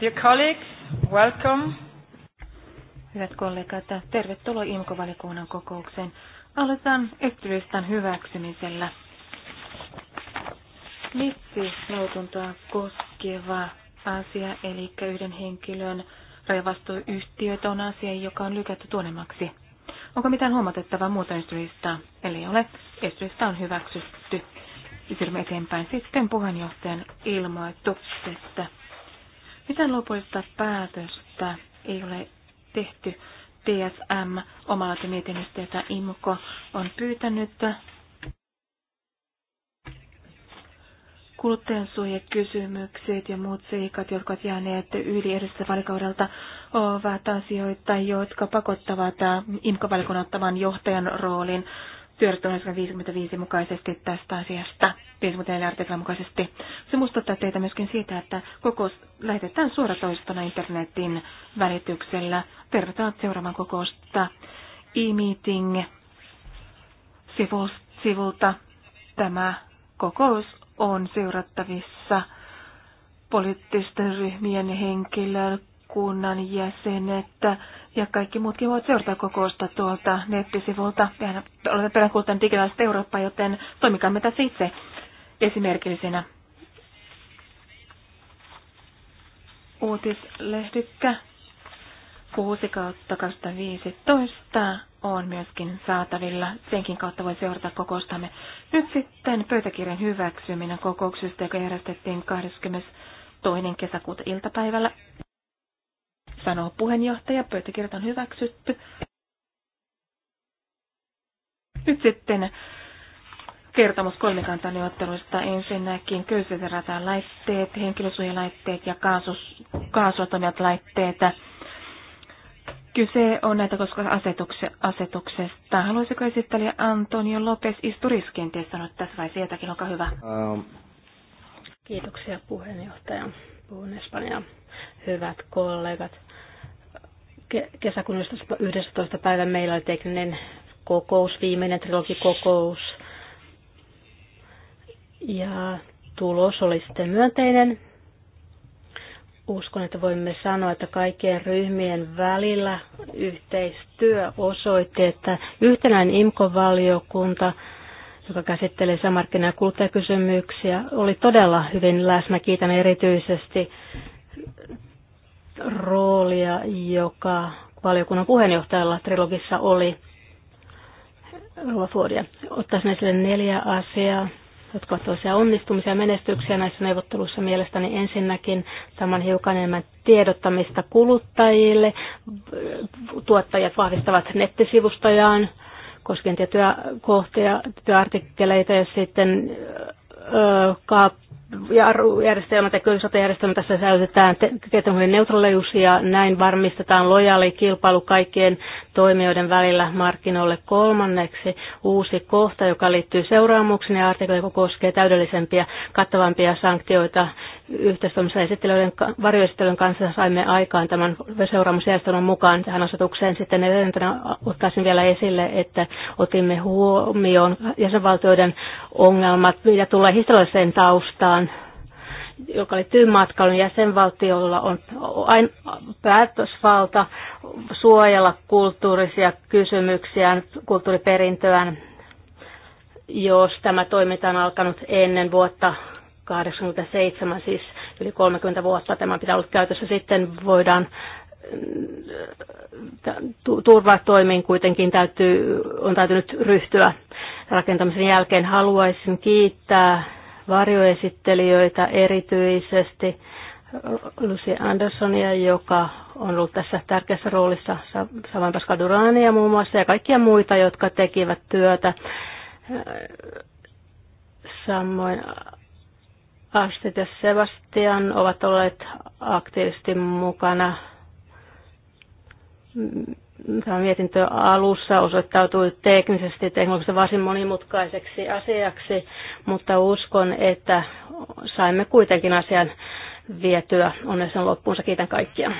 Dear colleagues, welcome. Hyvät kollegat, tervetuloa IMKO-valikunnan kokoukseen. Aloitetaan esityslistan hyväksymisellä. Missi lautuntoa koskeva asia, eli yhden henkilön rajavastuuyhtiöt on asia, joka on lykätty tuonemmaksi. Onko mitään huomatettavaa muuta esityslistaa? Eli ole, esityslista on hyväksytty. Siirrymme eteenpäin sitten puheenjohtajan ilmoituksesta. Miten lopullista päätöstä ei ole tehty. TSM omalla mietinnöstä, jota IMKO on pyytänyt. Kuluttajansuojakysymykset ja muut seikat, jotka ovat jääneet yli edestä valikaudelta, ovat asioita, jotka pakottavat IMKO-valikon ottavan johtajan roolin työjärjestelmän 55 mukaisesti tästä asiasta, 54 artiklan mukaisesti. Se muistuttaa teitä myöskin siitä, että kokous lähetetään suoratoistona internetin välityksellä. Tervetuloa seuraamaan kokousta e-meeting-sivulta. Tämä kokous on seurattavissa poliittisten ryhmien henkilö, valiokunnan jäsenet ja kaikki muutkin voivat seurata kokousta tuolta nettisivulta. Mehän olemme peräänkuultaan digitaalista Eurooppaa, joten toimikaamme tässä itse esimerkillisenä. Uutislehdytkä 6 kautta 2015 on myöskin saatavilla. Senkin kautta voi seurata kokoustamme. Nyt sitten pöytäkirjan hyväksyminen kokouksesta, joka järjestettiin 22. kesäkuuta iltapäivällä sanoo puheenjohtaja. Pöytäkirjat on hyväksytty. Nyt sitten kertomus kolmikantaneuvotteluista ensinnäkin köysiratan laitteet, henkilösuojalaitteet ja kaasus, kaasua laitteet. Kyse on näitä koska asetukse, asetuksesta. Haluaisiko esittelijä Antonio Lopes Isturis kenties sanoa tässä vai sieltäkin, olkaa hyvä. Um. Kiitoksia puheenjohtaja. Puhun Espanjaa. Hyvät kollegat, kesäkuun 11. päivä meillä oli tekninen kokous, viimeinen trilogikokous. Ja tulos oli sitten myönteinen. Uskon, että voimme sanoa, että kaikkien ryhmien välillä yhteistyö osoitti, että yhtenäinen imco valiokunta joka käsittelee sisämarkkina- ja kuluttajakysymyksiä, oli todella hyvin läsnä. Kiitän erityisesti roolia, joka valiokunnan puheenjohtajalla trilogissa oli. Rova Fordia. Ottaisin esille neljä asiaa, jotka ovat toisia onnistumisia ja menestyksiä näissä neuvotteluissa mielestäni. Ensinnäkin saman hiukan enemmän tiedottamista kuluttajille. Tuottajat vahvistavat nettisivustojaan koskien tiettyjä kohtia, työartikkeleita ja sitten ö, kaap- järjestelmät ja köyhyysotajärjestelmät tässä säilytetään tietokoneen neutraalius ja näin varmistetaan lojaali kilpailu kaikkien toimijoiden välillä markkinoille kolmanneksi. Uusi kohta, joka liittyy seuraamuksiin ja artikla, joka koskee täydellisempiä, kattavampia sanktioita yhteistoimissa esittelyiden, varjoesittelyiden kanssa saimme aikaan tämän seuraamusjärjestelmän mukaan tähän asetukseen. Sitten edentänä ottaisin vielä esille, että otimme huomioon jäsenvaltioiden ongelmat, mitä tulee historialliseen taustaan, joka liittyy matkailun jäsenvaltiolla on aina päätösvalta suojella kulttuurisia kysymyksiä kulttuuriperintöään, jos tämä toiminta on alkanut ennen vuotta 87, siis yli 30 vuotta tämä pitää olla käytössä. Sitten voidaan äh, turvatoimiin kuitenkin täytyy, on täytynyt ryhtyä rakentamisen jälkeen. Haluaisin kiittää varjoesittelijöitä erityisesti äh, Lucy Andersonia, joka on ollut tässä tärkeässä roolissa, Savan Pascal Durania muun muassa ja kaikkia muita, jotka tekivät työtä. Äh, samoin Astet ja Sebastian ovat olleet aktiivisesti mukana. Tämä mietintö alussa osoittautui teknisesti ja teknologisesti varsin monimutkaiseksi asiaksi, mutta uskon, että saimme kuitenkin asian vietyä onnellisen loppuunsa. Kiitän kaikkia.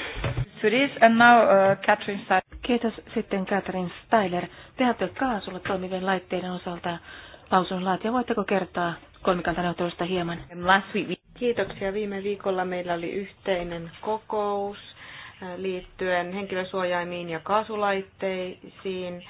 Uh, Kiitos sitten Catherine Styler. Te kaasulla toimivien laitteiden osalta lausunnon laatia. Voitteko kertoa kolmikantaneuvottelusta hieman. Kiitoksia. Viime viikolla meillä oli yhteinen kokous äh, liittyen henkilösuojaimiin ja kaasulaitteisiin.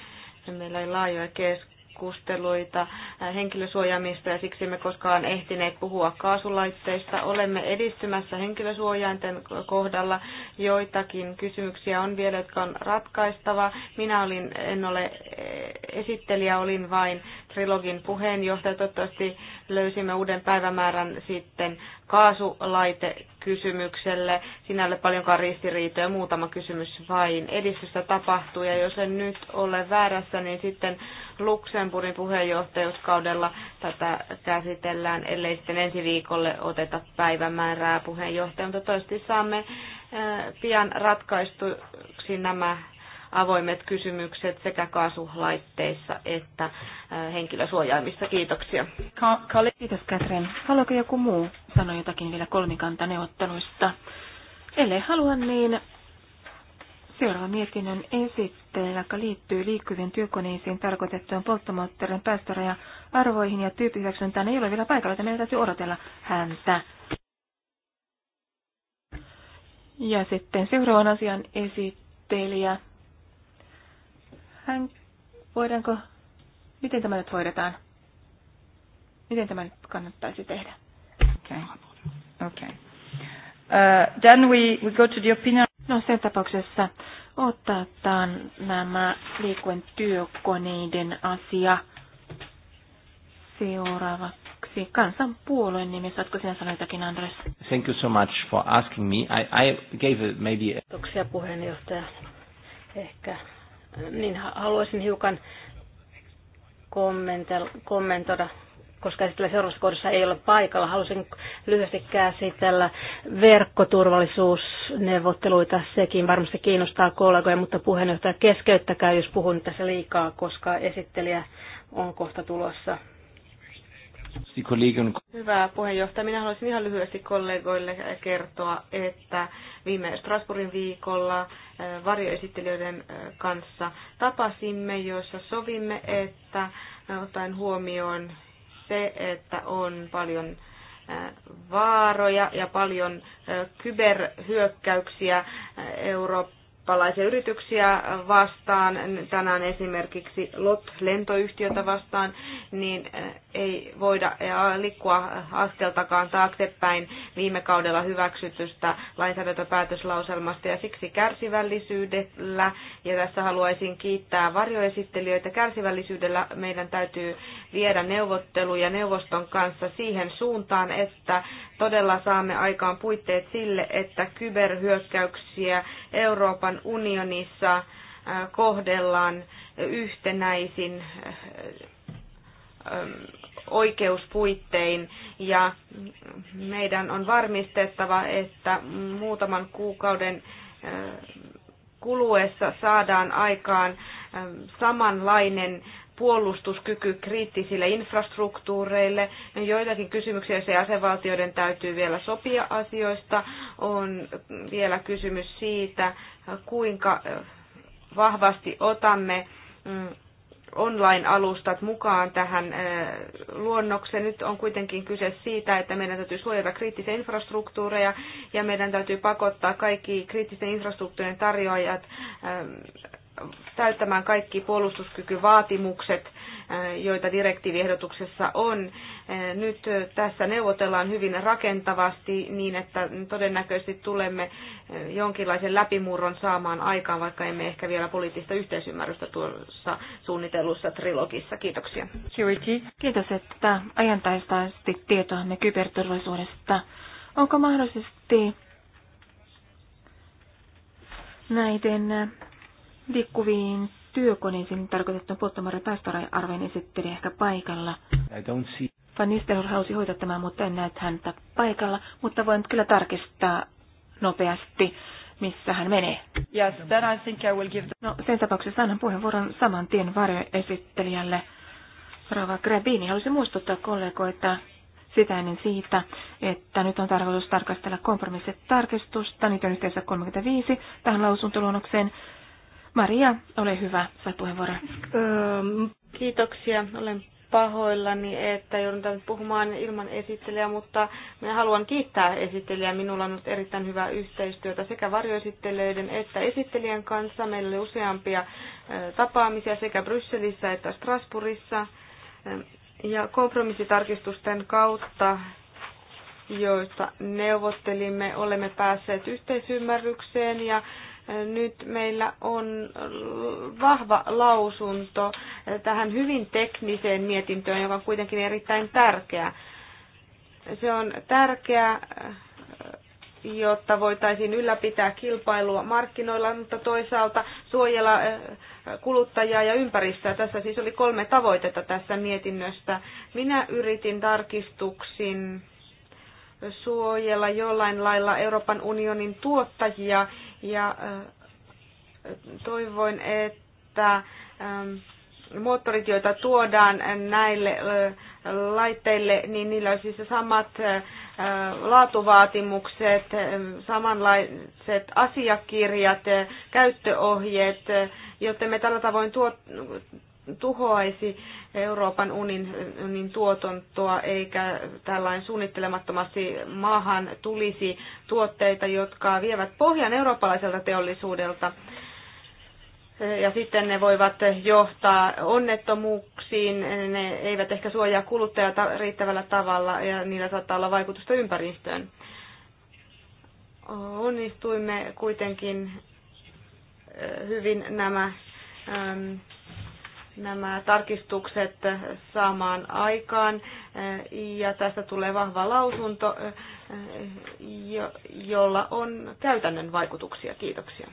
Meillä oli laajoja kes- keskusteluita äh, henkilösuojaamista ja siksi me koskaan ehtineet puhua kaasulaitteista. Olemme edistymässä henkilösuojainten kohdalla. Joitakin kysymyksiä on vielä, jotka on ratkaistava. Minä olin, en ole eh, esittelijä, olin vain trilogin puheenjohtaja. Toivottavasti löysimme uuden päivämäärän sitten kaasulaite kysymykselle. Sinä ole paljonkaan ristiriitoja, muutama kysymys vain. Edistystä tapahtuu ja jos en nyt ole väärässä, niin sitten Luxemburgin puheenjohtajuuskaudella tätä käsitellään, ellei sitten ensi viikolle oteta päivämäärää puheenjohtajan, mutta toivottavasti saamme äh, pian ratkaistuksi nämä avoimet kysymykset sekä kaasulaitteissa että äh, henkilösuojaimissa. Kiitoksia. Kiitos Katrin. Haluaako joku muu sanoa jotakin vielä kolmikantaneuvotteluista? Ellei halua, niin Seuraava mietinnön esittely, joka liittyy liikkuvien työkoneisiin tarkoitettujen polttomoottorin päästöraja arvoihin ja tyyppihyväksyntään, ei ole vielä paikalla, että meidän täytyy odotella häntä. Ja sitten seuraavan asian esittelijä hän, voidaanko, miten tämä nyt hoidetaan? Miten tämä nyt kannattaisi tehdä? Okay. Okay. Uh, then we, we go to the opinion. No sen tapauksessa otetaan nämä liikkuen työkoneiden asia seuraavaksi. Kansanpuolueen nimi, saatko sinä sanoa jotakin, Andres? Thank you so much for asking me. I, I gave maybe... Kiitoksia puheenjohtaja. Ehkä niin haluaisin hiukan kommentoida, koska esitellä seuraavassa kohdassa ei ole paikalla. Haluaisin lyhyesti käsitellä verkkoturvallisuusneuvotteluita. Sekin varmasti kiinnostaa kollegoja, mutta puheenjohtaja keskeyttäkää, jos puhun tässä liikaa, koska esittelijä on kohta tulossa Hyvä puheenjohtaja. Minä haluaisin ihan lyhyesti kollegoille kertoa, että viime Strasbourgin viikolla eh, varjoesittelijöiden eh, kanssa tapasimme, joissa sovimme, että eh, ottaen huomioon se, että on paljon vaaroja ja paljon kyberhyökkäyksiä Eurooppaan, eurooppalaisia yrityksiä vastaan, tänään esimerkiksi LOT-lentoyhtiötä vastaan, niin äh, ei voida äh, liikkua askeltakaan taaksepäin viime kaudella hyväksytystä lainsäädäntöpäätöslauselmasta ja siksi kärsivällisyydellä. Ja tässä haluaisin kiittää varjoesittelijöitä kärsivällisyydellä. Meidän täytyy viedä neuvotteluja neuvoston kanssa siihen suuntaan, että todella saamme aikaan puitteet sille, että kyberhyökkäyksiä Euroopan unionissa äh, kohdellaan yhtenäisin äh, ähm, oikeuspuittein ja meidän on varmistettava, että muutaman kuukauden äh, kuluessa saadaan aikaan samanlainen puolustuskyky kriittisille infrastruktuureille. joitakin kysymyksiä, se asevaltioiden täytyy vielä sopia asioista. On vielä kysymys siitä, kuinka vahvasti otamme mm, online-alustat mukaan tähän äh, luonnokseen. Nyt on kuitenkin kyse siitä, että meidän täytyy suojata kriittisiä infrastruktuureja ja meidän täytyy pakottaa kaikki kriittisten infrastruktuurien tarjoajat ähm, täyttämään kaikki puolustuskykyvaatimukset, äh, joita direktiiviehdotuksessa on. Äh, nyt äh, tässä neuvotellaan hyvin rakentavasti niin, että todennäköisesti tulemme jonkinlaisen läpimurron saamaan aikaan, vaikka emme ehkä vielä poliittista yhteisymmärrystä tuossa suunnitellussa trilogissa. Kiitoksia. Kiitos, että ajantaistaisesti tietoamme kyberturvallisuudesta. Onko mahdollisesti näiden liikkuviin työkoneisiin tarkoitettu polttomaiden päästöarvojen esitteli ehkä paikalla. I don't see. Van Nistelrooy halusi hoitaa tämän, mutta en näe häntä paikalla, mutta voin kyllä tarkistaa nopeasti, missä hän menee. Yes, then I think I will give the... No, sen tapauksessa annan puheenvuoron saman tien varjoesittelijälle. Rova Grebini halusi muistuttaa kollegoita sitä ennen siitä, että nyt on tarkoitus tarkastella kompromissitarkistusta. tarkistusta, niitä on yhteensä 35 tähän lausuntoluonnokseen. Maria, ole hyvä, saa puheenvuoron. Öö, kiitoksia, olen pahoillani, että joudun tämän puhumaan ilman esittelijää, mutta minä haluan kiittää esittelijää. Minulla on ollut erittäin hyvää yhteistyötä sekä varjoesittelijöiden että esittelijän kanssa. Meillä oli useampia tapaamisia sekä Brysselissä että Strasbourgissa. Ja kompromissitarkistusten kautta, joista neuvottelimme, olemme päässeet yhteisymmärrykseen ja nyt meillä on vahva lausunto tähän hyvin tekniseen mietintöön, joka on kuitenkin erittäin tärkeä. Se on tärkeä, jotta voitaisiin ylläpitää kilpailua markkinoilla, mutta toisaalta suojella eh, kuluttajaa ja ympäristöä. Tässä siis oli kolme tavoitetta tässä mietinnöstä. Minä yritin tarkistuksin suojella jollain lailla Euroopan unionin tuottajia ja toivoin, että moottorit, joita tuodaan näille laitteille, niin niillä on siis samat laatuvaatimukset, samanlaiset asiakirjat, käyttöohjeet, jotta me tällä tavoin tuot tuhoaisi Euroopan unionin tuotantoa, eikä tällainen suunnittelemattomasti maahan tulisi tuotteita, jotka vievät pohjan eurooppalaiselta teollisuudelta ja sitten ne voivat johtaa onnettomuuksiin, ne eivät ehkä suojaa kuluttajaa riittävällä tavalla ja niillä saattaa olla vaikutusta ympäristöön. Onnistuimme kuitenkin hyvin nämä nämä tarkistukset saamaan aikaan. Ja tästä tulee vahva lausunto, jolla on käytännön vaikutuksia. Kiitoksia.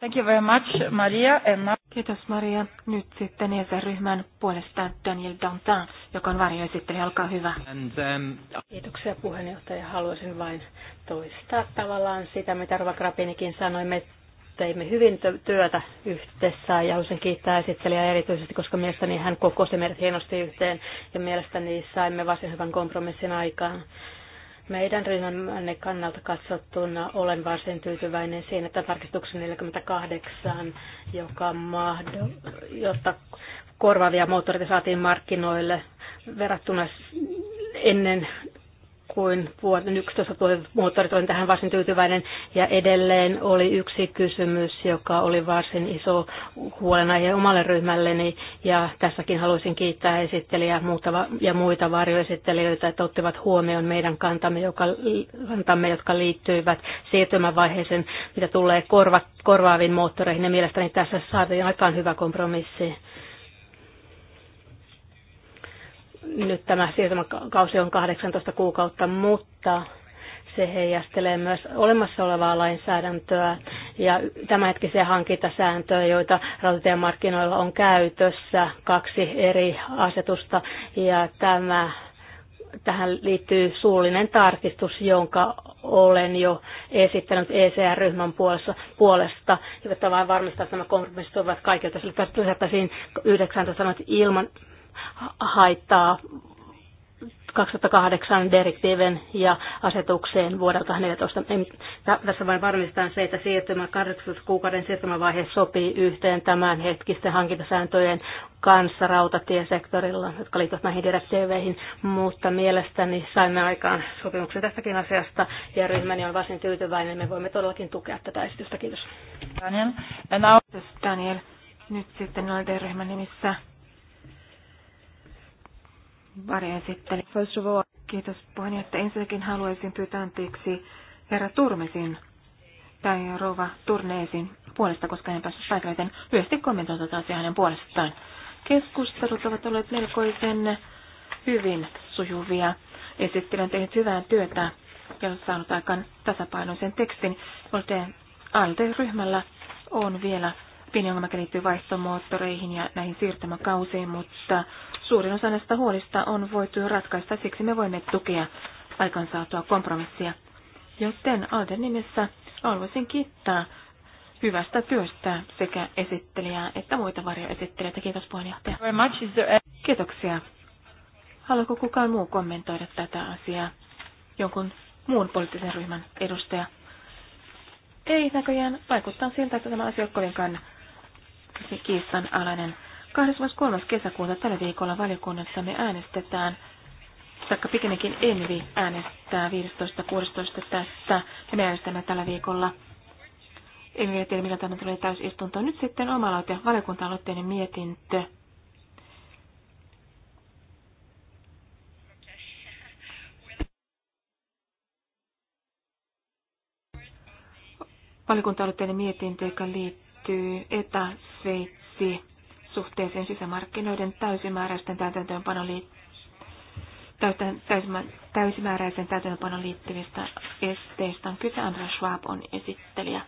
Thank you very much, Maria. Emma. Kiitos Maria. Nyt sitten ESR-ryhmän puolesta Daniel Dantin, joka on varjoesittelijä. Olkaa hyvä. And, um... Kiitoksia puheenjohtaja. Haluaisin vain toistaa tavallaan sitä, mitä Rova Krapinikin sanoi. Me teimme hyvin työtä yhdessä ja usein kiittää esittelijää erityisesti, koska mielestäni hän kokosi meidät hienosti yhteen ja mielestäni saimme varsin hyvän kompromissin aikaan. Meidän ryhmämme kannalta katsottuna olen varsin tyytyväinen siinä että tarkistuksen 48, joka mahdoll, jotta korvaavia moottoreita saatiin markkinoille verrattuna ennen kuin vuoden niin 11 moottorit, olen tähän varsin tyytyväinen. Ja edelleen oli yksi kysymys, joka oli varsin iso huolenaihe omalle ryhmälleni. Ja tässäkin haluaisin kiittää esittelijää ja muita varjoesittelijöitä, että ottivat huomioon meidän kantamme, joka, kantamme jotka liittyivät siirtymävaiheeseen, mitä tulee korva, korvaaviin moottoreihin. Ja mielestäni tässä saatiin aikaan hyvä kompromissi nyt tämä siirtymäkausi on 18 kuukautta, mutta se heijastelee myös olemassa olevaa lainsäädäntöä ja tämänhetkisiä hankintasääntöjä, joita markkinoilla on käytössä, kaksi eri asetusta ja tämä tähän liittyy suullinen tarkistus, jonka olen jo esittänyt ECR-ryhmän puolesta, puolesta jotta vain varmistaa, että nämä kompromissit ovat kaikilta. Sillä lisättäisiin 19 sanot ilman haittaa 2008 direktiiven ja asetukseen vuodelta 2014. Tässä vain varmistetaan se, että siirtymä 18 kuukauden siirtymävaihe sopii yhteen tämän hankintasääntöjen kanssa rautatiesektorilla, jotka liittyvät näihin direktiiveihin, mutta mielestäni saimme aikaan sopimuksen tästäkin asiasta ja ryhmäni on varsin tyytyväinen. Me voimme todellakin tukea tätä esitystä. Kiitos. Daniel. Daniel. Nyt sitten Alden ryhmän nimissä esitteli. First of all, kiitos että Ensinnäkin haluaisin pyytää anteeksi herra Turmesin tai rouva Turneesin puolesta, koska hän päässyt paikalle, joten lyhyesti kommentoin tätä asiaa hänen puolestaan. Keskustelut ovat olleet melkoisen hyvin sujuvia. Esittely on tehnyt hyvää työtä ja saanut aikaan tasapainoisen tekstin, joten ALDE-ryhmällä on vielä Pieni ongelma liittyy vaihtomoottoreihin ja näihin siirtymäkausiin, mutta suurin osa näistä huolista on voitu ratkaista, siksi me voimme tukea aikansaatua kompromissia. Joten Alden nimessä haluaisin kiittää hyvästä työstä sekä esittelijää että muita varjoesittelijöitä. Kiitos puheenjohtaja. Kiitoksia. Haluaako kukaan muu kommentoida tätä asiaa? Jonkun muun poliittisen ryhmän edustaja? Ei näköjään. Vaikuttaa siltä, että tämä asia on kovinkaan kiistan alainen. 23. kesäkuuta tällä viikolla valiokunnassamme äänestetään, taikka pikemminkin Envi äänestää 15.16. tästä, ja me äänestämme tällä viikolla. En vielä tiedä, millä tämä tulee täysistunto. Nyt sitten aloite, valiokunta-aloitteinen mietintö. Valiokunta-aloitteinen mietintö, joka liittyy liittyy etäseitsi suhteeseen sisämarkkinoiden täysimääräisten täytäntöönpanon liittyen täysimääräisen täytäntöönpanon liittyvistä esteistä on kyse. Andra Schwab on esittelijä.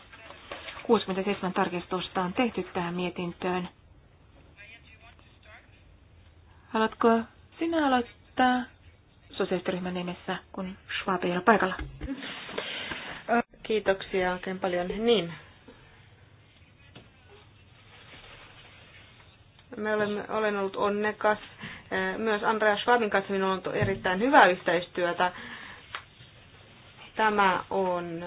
67 tarkistusta on tehty tähän mietintöön. Haluatko sinä aloittaa sosiaaliryhmän nimessä, kun Schwab ei ole paikalla? Kiitoksia oikein paljon. Niin, Me olemme, olen ollut onnekas. Myös Andreas Schwabin kanssa minulla on ollut erittäin hyvää yhteistyötä. Tämä on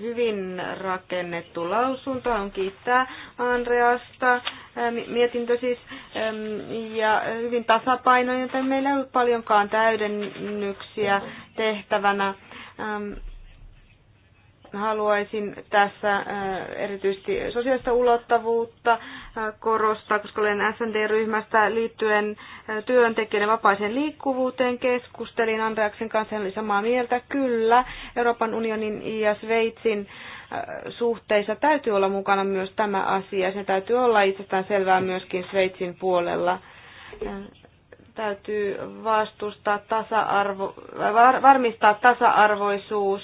hyvin rakennettu lausunto. on kiittää Andreasta, ähm, mietintö siis, ähm, ja hyvin tasapainoinen, joten meillä ei ollut paljonkaan täydennyksiä tehtävänä. Ähm, haluaisin tässä äh, erityisesti sosiaalista ulottavuutta äh, korostaa, koska olen SND-ryhmästä liittyen äh, työntekijöiden vapaaseen liikkuvuuteen keskustelin Andreaksen kanssa, oli samaa mieltä. Kyllä, Euroopan unionin ja Sveitsin suhteissa täytyy olla mukana myös tämä asia. Se täytyy olla itsestään selvää myöskin Sveitsin puolella täytyy vastustaa tasa-arvo, var, varmistaa tasa-arvoisuus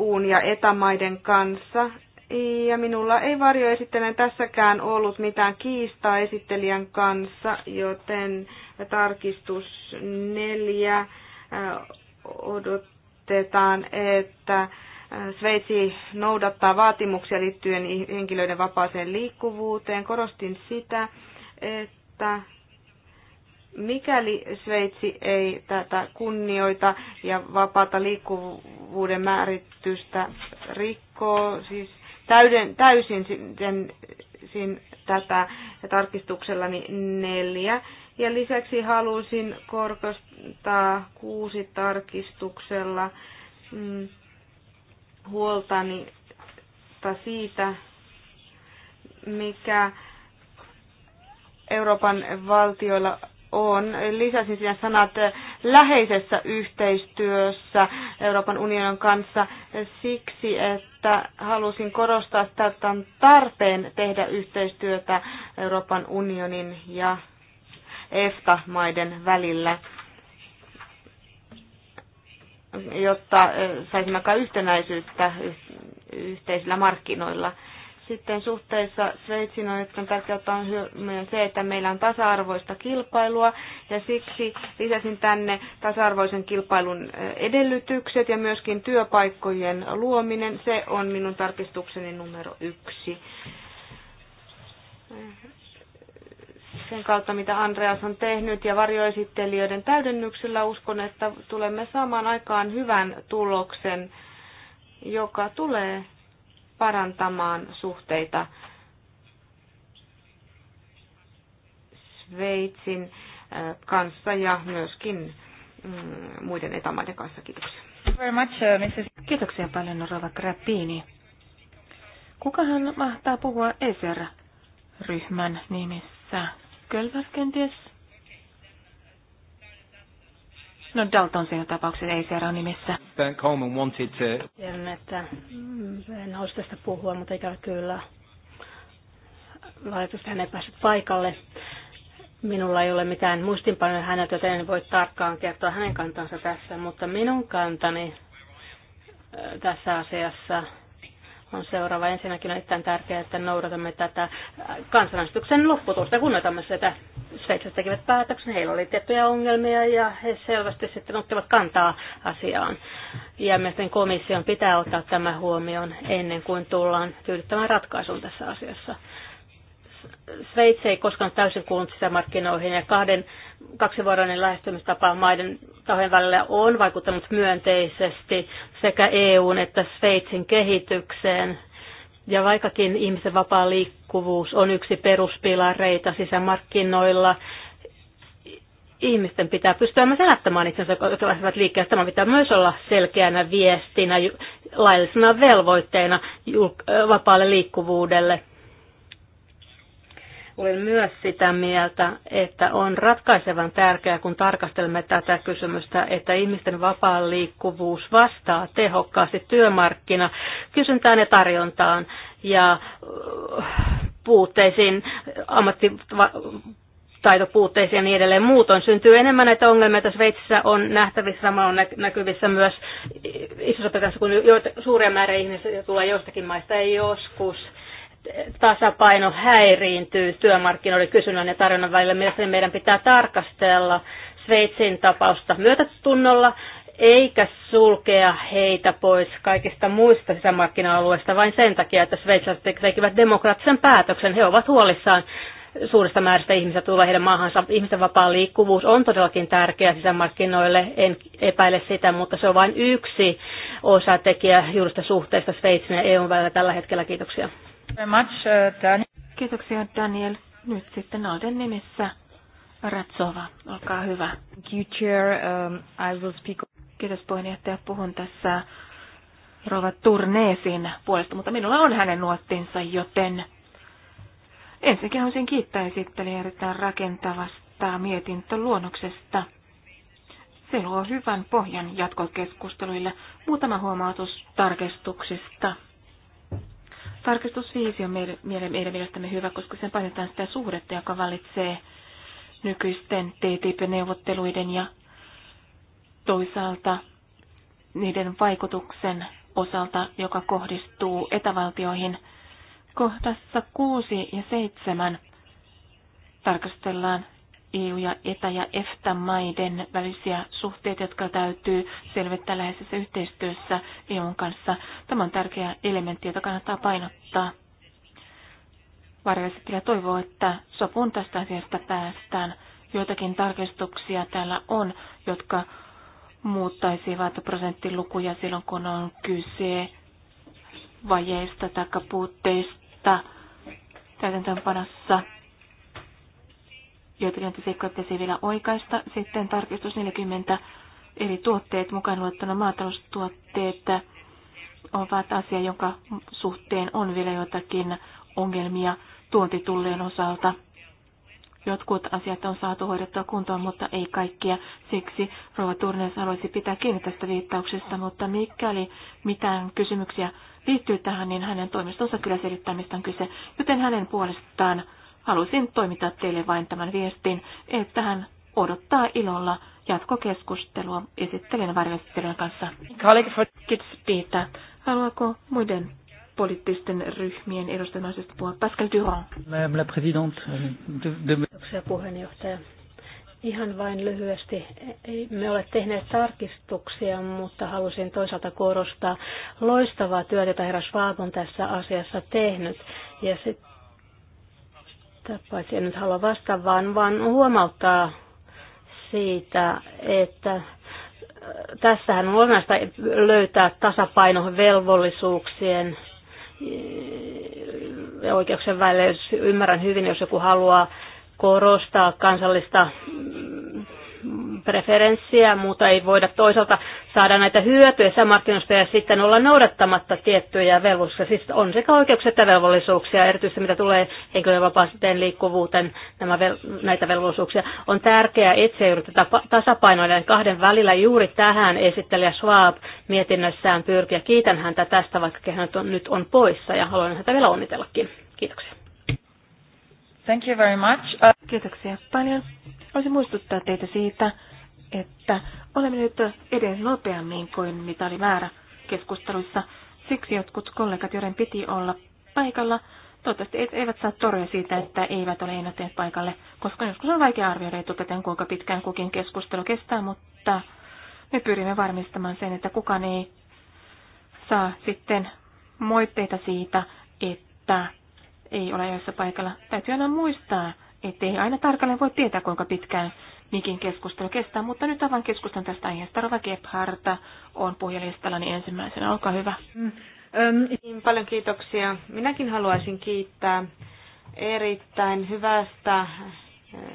EUn ja etämaiden kanssa. Ja minulla ei varjoesittelen tässäkään ollut mitään kiistaa esittelijän kanssa, joten tarkistus neljä äh, odotetaan, että äh, Sveitsi noudattaa vaatimuksia liittyen henkilöiden vapaaseen liikkuvuuteen. Korostin sitä, että Mikäli Sveitsi ei tätä kunnioita ja vapaata liikkuvuuden määritystä rikkoo, siis täyden, täysin sen, sin, tätä tarkistuksellani niin neljä. Ja lisäksi halusin korkostaa kuusi tarkistuksella mm, huoltani siitä, mikä Euroopan valtioilla on, lisäsin sinne sanat läheisessä yhteistyössä Euroopan unionin kanssa siksi, että halusin korostaa tätä tarpeen tehdä yhteistyötä Euroopan unionin ja EFTA-maiden välillä jotta saisimme yhtenäisyyttä yhteisillä markkinoilla. Sitten suhteessa Sveitsiin on nyt tärkeää ottaa huomioon se, että meillä on tasa-arvoista kilpailua ja siksi lisäsin tänne tasa-arvoisen kilpailun edellytykset ja myöskin työpaikkojen luominen. Se on minun tarkistukseni numero yksi sen kautta, mitä Andreas on tehnyt ja varjoesittelijöiden täydennyksellä uskon, että tulemme saamaan aikaan hyvän tuloksen, joka tulee parantamaan suhteita Sveitsin äh, kanssa ja myöskin mm, muiden etämaiden kanssa. Kiitoksia. Very much, uh, Mrs. Kiitoksia paljon, Rova Grappini. Kukahan mahtaa puhua ESER-ryhmän nimissä? Kölver kenties? No Dalton siinä tapauksessa ei seuraa nimissä. Ben Coleman wanted to... Tiedän, että en olisi tästä puhua, mutta ikävä kyllä. Valitusta hän ei päässyt paikalle. Minulla ei ole mitään muistinpanoja häneltä, joten en voi tarkkaan kertoa hänen kantansa tässä, mutta minun kantani tässä asiassa on seuraava. Ensinnäkin on erittäin tärkeää, että noudatamme tätä kansanäänestyksen lopputulosta ja kunnioitamme sitä. Sveitsit tekivät päätöksen, heillä oli tiettyjä ongelmia ja he selvästi sitten ottivat kantaa asiaan. Ja mielestäni komission pitää ottaa tämä huomioon ennen kuin tullaan tyydyttämään ratkaisuun tässä asiassa. Sveitsi ei koskaan täysin kuulunut sisämarkkinoihin ja kahden kaksivuoroinen lähestymistapa maiden tahojen välillä on vaikuttanut myönteisesti sekä EUn että Sveitsin kehitykseen. Ja vaikkakin ihmisen vapaa liikkuvuus on yksi peruspilareita sisämarkkinoilla, ihmisten pitää pystyä myös elättämään itsensä, jotka lähtevät liikkeelle. Tämä pitää myös olla selkeänä viestinä, laillisena velvoitteena vapaalle liikkuvuudelle. Olen myös sitä mieltä, että on ratkaisevan tärkeää, kun tarkastelemme tätä kysymystä, että ihmisten vapaa liikkuvuus vastaa tehokkaasti työmarkkina kysyntään ja tarjontaan ja äh, puutteisiin ammatti taitopuutteisiin ja niin edelleen. Muutoin syntyy enemmän näitä ongelmia, että Sveitsissä on nähtävissä, sama on näkyvissä myös isossa kun suuria määrä ihmisiä tulee jostakin maista, ei joskus tasapaino häiriintyy työmarkkinoiden kysynnän ja tarjonnan välillä. Mielestäni meidän pitää tarkastella Sveitsin tapausta myötätunnolla, eikä sulkea heitä pois kaikista muista sisämarkkina-alueista vain sen takia, että sveitsiläiset tekivät demokraattisen päätöksen. He ovat huolissaan suurista määristä ihmisiä tulee heidän maahansa. Ihmisten vapaa liikkuvuus on todellakin tärkeä sisämarkkinoille, en epäile sitä, mutta se on vain yksi osatekijä juurista suhteesta Sveitsin ja EUn välillä tällä hetkellä. Kiitoksia. Very much, uh, Daniel. Kiitoksia Daniel. Nyt sitten Alden nimissä Ratsova, olkaa hyvä. Thank you, Chair. Um, I will speak... Kiitos puheenjohtaja. Puhun tässä Rova Turneesin puolesta, mutta minulla on hänen nuottinsa, joten ensinnäkin haluaisin kiittää esittelijä erittäin rakentavasta mietintöluonnoksesta. Se luo hyvän pohjan jatkokeskusteluille. Muutama huomautus tarkistuksista. Tarkistus 5 on meidän, meidän mielestämme hyvä, koska sen painetaan sitä suhdetta, joka valitsee nykyisten TTIP-neuvotteluiden ja toisaalta niiden vaikutuksen osalta, joka kohdistuu etävaltioihin. Kohdassa 6 ja 7 tarkastellaan EU- ja ETA- ja EFTA-maiden välisiä suhteita, jotka täytyy selvittää läheisessä yhteistyössä EUn kanssa. Tämä on tärkeä elementti, jota kannattaa painottaa. Varjoesittelijä toivoo, että sopun tästä asiasta päästään. Joitakin tarkistuksia täällä on, jotka muuttaisivat prosenttilukuja silloin, kun on kyse vajeista tai puutteista täytäntöönpanossa joitakin näitä seikkoja pitäisi vielä oikaista. Sitten tarkistus 40 eri tuotteet, mukaan luettuna maataloustuotteet, ovat asia, jonka suhteen on vielä jotakin ongelmia tuontitulleen osalta. Jotkut asiat on saatu hoidettua kuntoon, mutta ei kaikkia. Siksi Rova Turnes haluaisi pitää kiinni tästä viittauksesta, mutta mikäli mitään kysymyksiä liittyy tähän, niin hänen toimistonsa kyllä selittämistä on kyse. Joten hänen puolestaan Halusin toimittaa teille vain tämän viestin, että hän odottaa ilolla jatkokeskustelua esittelijän varjoesittelijän kanssa. Kiitos Piitä. Haluaako muiden poliittisten ryhmien edustamaisesta puhua? Pascal Durand. Madame la présidente. Euh, Kiitoksia puheenjohtaja. Ihan vain lyhyesti. Me ole tehneet tarkistuksia, mutta halusin toisaalta korostaa loistavaa työtä, jota herra Schwab on tässä asiassa tehnyt. Ja sit paitsi en nyt halua vastata, vaan, vaan huomauttaa siitä, että äh, tässähän on olennaista löytää tasapaino velvollisuuksien äh, ja oikeuksien välillä. ymmärrän hyvin, jos joku haluaa korostaa kansallista mm, preferenssiä, mutta ei voida toisaalta saada näitä hyötyjä sisämarkkinoista ja sitten olla noudattamatta tiettyjä velvollisuuksia. Siis on sekä oikeuksia että velvollisuuksia, erityisesti mitä tulee henkilövapaaseen liikkuvuuteen nämä vel- näitä velvollisuuksia. On tärkeää juuri tätä tasapainoida kahden välillä juuri tähän esittelijä Schwab mietinnössään pyrkiä. Kiitän häntä tästä, vaikka hän nyt on poissa ja haluan häntä vielä onnitellakin. Kiitoksia. Thank you very much. Kiitoksia paljon. Voisin muistuttaa teitä siitä, että olemme nyt edes nopeammin kuin mitä oli määrä keskusteluissa. Siksi jotkut kollegat, joiden piti olla paikalla, toivottavasti eivät saa torjua siitä, että eivät ole ennättäneet paikalle, koska joskus on vaikea arvioida etukäteen, kuinka pitkään kukin keskustelu kestää, mutta me pyrimme varmistamaan sen, että kukaan ei saa sitten moitteita siitä, että ei ole joissa paikalla. Täytyy aina muistaa, ei aina tarkalleen voi tietää, kuinka pitkään mikin keskustelu kestää, mutta nyt avaan keskustan tästä aiheesta. Rova Gebharta on puhujalistallani niin ensimmäisenä. Olkaa hyvä. Mm, ähm, niin, paljon kiitoksia. Minäkin haluaisin kiittää erittäin hyvästä äh,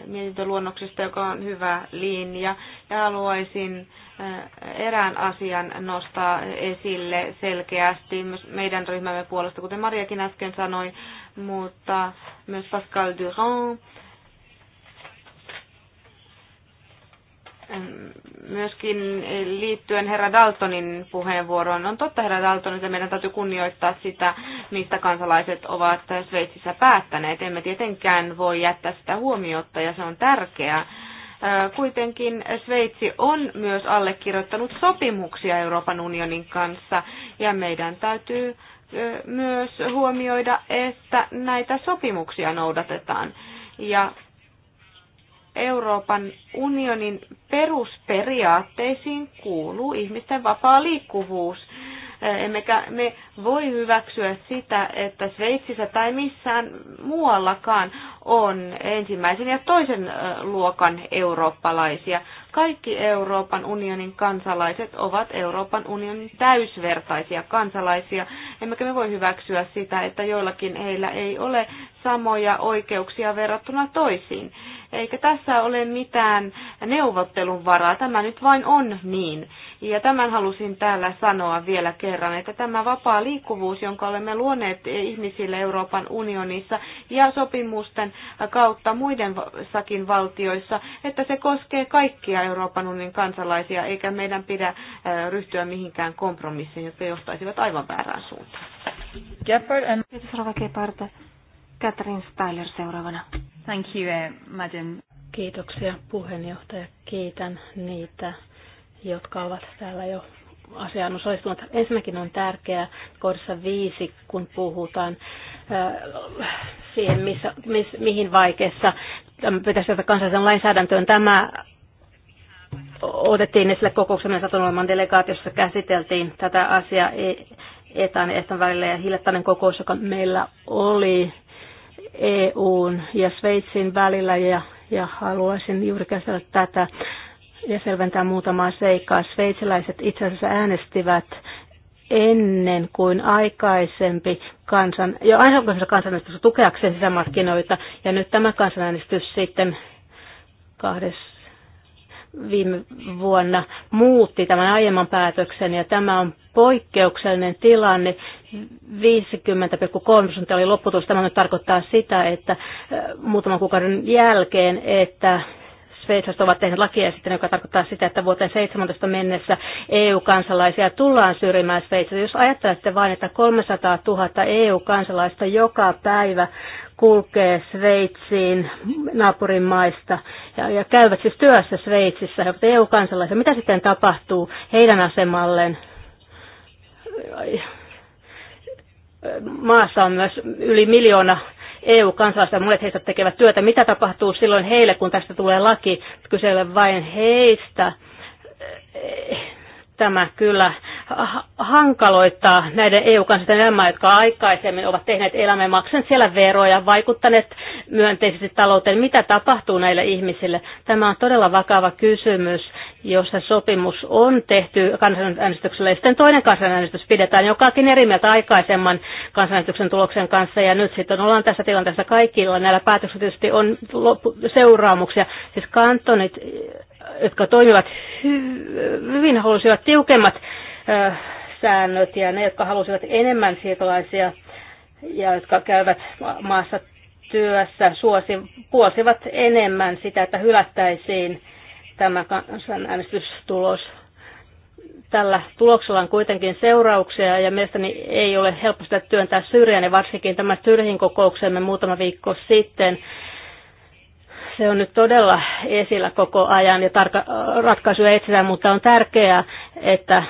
mietintöluonnoksesta, joka on hyvä linja. Ja haluaisin äh, erään asian nostaa esille selkeästi myös meidän ryhmämme puolesta, kuten Mariakin äsken sanoi, mutta myös Pascal Durand myöskin liittyen herra Daltonin puheenvuoroon. On totta herra Dalton, että meidän täytyy kunnioittaa sitä, mistä kansalaiset ovat Sveitsissä päättäneet. Emme tietenkään voi jättää sitä huomiota ja se on tärkeää. Kuitenkin Sveitsi on myös allekirjoittanut sopimuksia Euroopan unionin kanssa ja meidän täytyy myös huomioida, että näitä sopimuksia noudatetaan. Ja Euroopan unionin perusperiaatteisiin kuuluu ihmisten vapaa liikkuvuus. Eh, emmekä me voi hyväksyä sitä, että Sveitsissä tai missään muuallakaan on ensimmäisen ja toisen eh, luokan eurooppalaisia. Kaikki Euroopan unionin kansalaiset ovat Euroopan unionin täysvertaisia kansalaisia, emmekä me voi hyväksyä sitä, että joillakin heillä ei ole samoja oikeuksia verrattuna toisiin. Eikä tässä ole mitään neuvottelun varaa. Tämä nyt vain on niin. Ja tämän halusin täällä sanoa vielä kerran, että tämä vapaa liikkuvuus, jonka olemme luoneet ihmisille Euroopan unionissa ja sopimusten kautta muiden sakin valtioissa, että se koskee kaikkia Euroopan unionin kansalaisia, eikä meidän pidä ryhtyä mihinkään kompromissiin, jotka johtaisivat aivan väärään suuntaan. Kiitos Catherine Styler seuraavana. Thank you, eh, madam. Kiitoksia puheenjohtaja. Kiitän niitä, jotka ovat täällä jo asiaan osallistuneet. Ensinnäkin on tärkeää kohdassa viisi, kun puhutaan äh, siihen, missä, miss, mihin vaikeassa pitäisi tätä kansallisen lainsäädäntöön. Tämä otettiin esille kokouksemme satunnoiman delegaatiossa käsiteltiin tätä asiaa e-, etan ja välillä ja hiljattainen kokous, joka meillä oli EUn ja Sveitsin välillä ja, ja haluaisin juuri käsitellä tätä ja selventää muutamaa seikkaa. Sveitsiläiset itse asiassa äänestivät ennen kuin aikaisempi kansan, jo aikaisemmin kansanäänestys tukeakseen sisämarkkinoita, ja nyt tämä kansanäänestys sitten kahdessa viime vuonna muutti tämän aiemman päätöksen ja tämä on poikkeuksellinen tilanne. 50,3 oli lopputulos. Tämä nyt tarkoittaa sitä, että äh, muutaman kuukauden jälkeen, että Sveitsasta ovat tehneet lakiesityksen, joka tarkoittaa sitä, että vuoteen 17 mennessä EU-kansalaisia tullaan syrjimään Sveitsissä. Jos ajattelette vain, että 300 000 EU-kansalaista joka päivä kulkee Sveitsiin naapurin maista ja, ja käyvät siis työssä Sveitsissä, he ovat EU-kansalaisia. Mitä sitten tapahtuu heidän asemalleen? Maassa on myös yli miljoona EU-kansalaiset, monet heistä tekevät työtä. Mitä tapahtuu silloin heille, kun tästä tulee laki? Kyse ei ole vain heistä. Tämä kyllä hankaloittaa näiden EU-kansalaisten elämää, jotka aikaisemmin ovat tehneet elämän maksen siellä veroja, vaikuttaneet myönteisesti talouteen. Mitä tapahtuu näille ihmisille? Tämä on todella vakava kysymys jossa sopimus on tehty kansanäänestyksellä ja sitten toinen kansanäänestys pidetään jokakin eri mieltä aikaisemman kansanäänestyksen tuloksen kanssa ja nyt sitten ollaan tässä tilanteessa kaikilla näillä päätöksillä tietysti on seuraamuksia. Siis kantonit, jotka toimivat hyvin, halusivat tiukemmat äh, säännöt ja ne, jotka halusivat enemmän siirtolaisia ja jotka käyvät maassa työssä, suosi, puolsivat enemmän sitä, että hylättäisiin tämä kansanäänestystulos. Tällä tuloksella on kuitenkin seurauksia ja mielestäni ei ole helppo sitä työntää syrjään ja varsinkin tämä syrjin kokouksemme muutama viikko sitten. Se on nyt todella esillä koko ajan ja tarka- ratkaisuja etsitään, mutta on tärkeää, että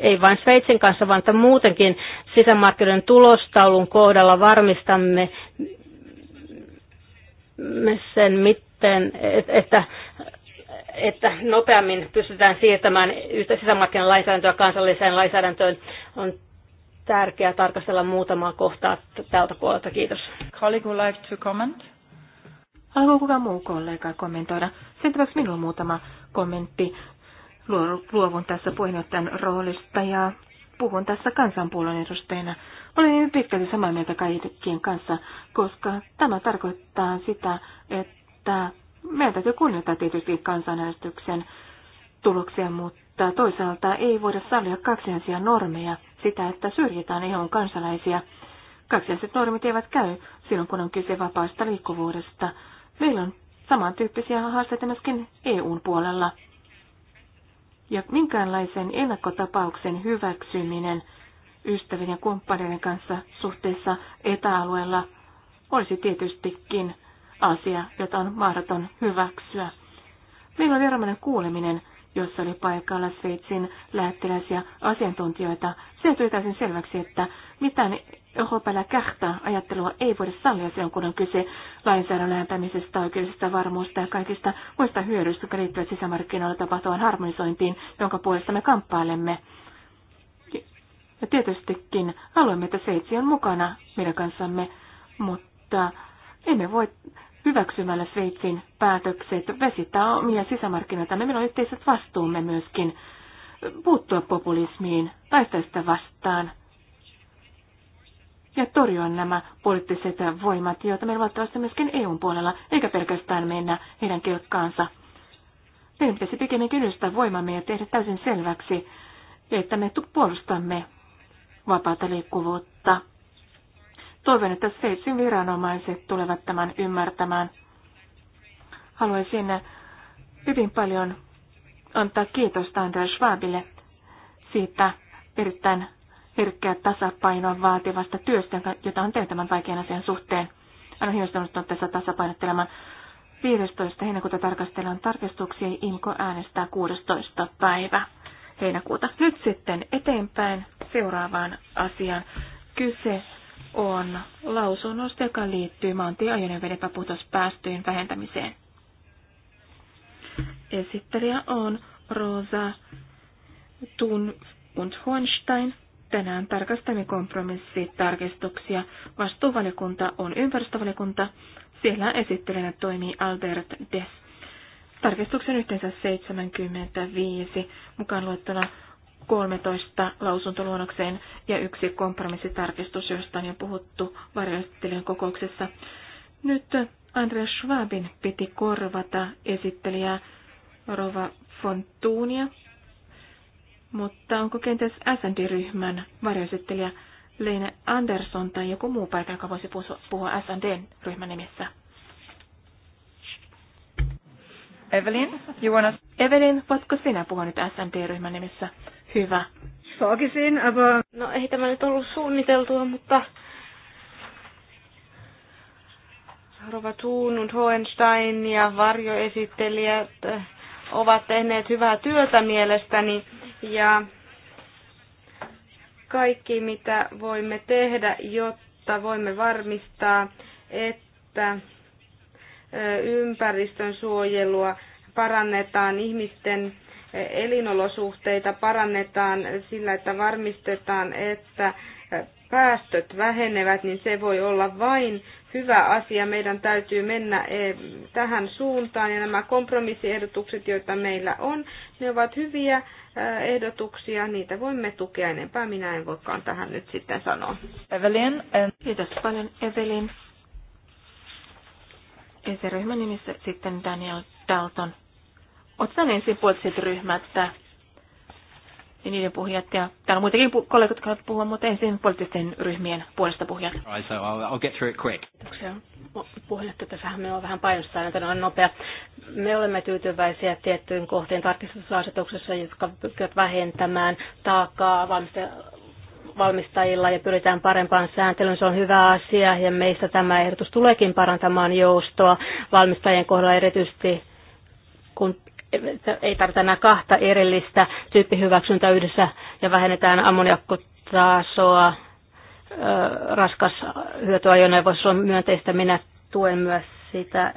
ei vain Sveitsin kanssa, vaan että muutenkin sisämarkkinoiden tulostaulun kohdalla varmistamme sen, miten, että että nopeammin pystytään siirtämään yhtä sisämarkkinan lainsäädäntöä kansalliseen lainsäädäntöön, on tärkeää tarkastella muutamaa kohtaa tältä puolelta. Kiitos. Colleague like to comment? Haluaako kukaan muu kollega kommentoida? Sen minulla on muutama kommentti. Luovun tässä puheenjohtajan roolista ja puhun tässä kansanpuolueen edustajana. Olen niin pitkälti samaa mieltä kaikkien kanssa, koska tämä tarkoittaa sitä, että meidän täytyy kunnioittaa tietysti kansanäänestyksen tuloksia, mutta toisaalta ei voida sallia kaksiaisia normeja, sitä, että syrjitään EUn kansalaisia. Kaksiaiset normit eivät käy silloin, kun on kyse vapaasta liikkuvuudesta. Meillä on samantyyppisiä haasteita myöskin EUn puolella. Ja minkäänlaisen ennakkotapauksen hyväksyminen ystävien ja kumppaneiden kanssa suhteessa etäalueella olisi tietystikin asia, jota on mahdoton hyväksyä. Meillä oli virallinen kuuleminen, jossa oli paikalla Sveitsin lähettiläisiä asiantuntijoita. Se tuli täysin selväksi, että mitään Euroopalla kähtää ajattelua ei voida sallia silloin, kun on kyse lainsäädännön lämpämisestä, oikeudellisesta varmuusta ja kaikista muista hyödyistä, jotka liittyvät sisämarkkinoilla tapahtuvan harmonisointiin, jonka puolesta me kamppailemme. Ja tietystikin haluamme, että Sveitsi on mukana meidän kanssamme, mutta emme voi hyväksymällä Sveitsin päätökset vesittää omia sisämarkkinoita. Meillä on yhteiset vastuumme myöskin puuttua populismiin, taistaista vastaan ja torjua nämä poliittiset voimat, joita meillä valtavasti myöskin EUn puolella, eikä pelkästään mennä heidän kelkkaansa. Meidän pitäisi pikemminkin ylistää voimamme ja tehdä täysin selväksi, että me puolustamme vapaata liikkuvuutta. Toivon, että Sveitsin viranomaiset tulevat tämän ymmärtämään. Haluaisin hyvin paljon antaa kiitosta Andreas Schwabille siitä erittäin herkkää tasapainoa vaativasta työstä, jota on tehty tämän vaikean asian suhteen. on hienostunut tässä tasapainottelemaan. 15. heinäkuuta tarkastellaan tarkistuksia ja IMKO äänestää 16. päivä heinäkuuta. Nyt sitten eteenpäin seuraavaan asiaan. Kyse on lausunnosta, joka liittyy maantieajoneuvojen epäpuhtauspäästöjen vähentämiseen. Esittelijä on Rosa Thun und Hohenstein. Tänään tarkastamme kompromissitarkistuksia. Vastuuvalikunta on ympäristövaliokunta. Siellä esittelijänä toimii Albert Des. Tarkistuksen yhteensä 75, mukaan luettuna 13 lausuntoluonnokseen ja yksi kompromissitarkistus, josta on jo puhuttu varjoittelijan kokouksessa. Nyt Andreas Schwabin piti korvata esittelijä Rova Fontuunia, mutta onko kenties SND-ryhmän varjoesittelijä Leine Andersson tai joku muu paikka, joka voisi puhua SND-ryhmän nimissä? Evelyn, you wanna... Evelyn, voitko sinä puhua nyt SND-ryhmän nimissä? hyvä. Saakisin, aber... No ei tämä nyt ollut suunniteltua, mutta Rova und Hohenstein ja varjoesittelijät äh, ovat tehneet hyvää työtä mielestäni ja kaikki mitä voimme tehdä, jotta voimme varmistaa, että äh, ympäristön suojelua parannetaan ihmisten elinolosuhteita parannetaan sillä, että varmistetaan, että päästöt vähenevät, niin se voi olla vain hyvä asia. Meidän täytyy mennä e, tähän suuntaan ja nämä kompromissiehdotukset, joita meillä on, ne ovat hyviä e, ehdotuksia. Niitä voimme tukea enempää. Minä en voikaan tähän nyt sitten sanoa. Evelin, kiitos paljon Evelin. Ensi ryhmän nimissä sitten Daniel Dalton. Otetaan ensin poliittiset ryhmät ja niiden puhujat. Ja täällä on muitakin pu- kollegat, jotka puhua, mutta ensin poliittisten ryhmien puolesta puhujat. Right, so I'll, I'll get through it quick. Kiitoksia puheenjohtaja. Tässähän me on vähän painostaa, aina on nopea. Me olemme tyytyväisiä tiettyyn kohteen tarkistusasetuksessa, jotka pyrkivät vähentämään taakkaa valmistajilla ja pyritään parempaan sääntelyyn. Se on hyvä asia ja meistä tämä ehdotus tuleekin parantamaan joustoa valmistajien kohdalla erityisesti kun ei tarvita enää kahta erillistä tyyppihyväksyntää yhdessä ja vähennetään ammoniakkotasoa. Raskas hyötyajoneuvoissa on myönteistä. Minä tuen myös sitä,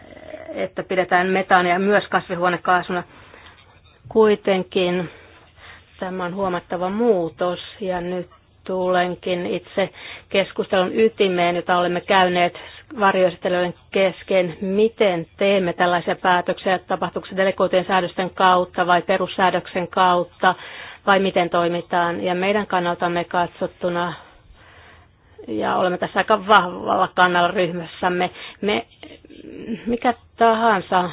että pidetään metaania myös kasvihuonekaasuna. Kuitenkin tämä on huomattava muutos ja nyt tulenkin itse keskustelun ytimeen, jota olemme käyneet varjoesittelyiden kesken. Miten teemme tällaisia päätöksiä? Tapahtuuko se delegoitujen säädösten kautta vai perussäädöksen kautta? Vai miten toimitaan? Ja meidän kannaltamme katsottuna ja olemme tässä aika vahvalla kannalla ryhmässämme. Me, mikä tahansa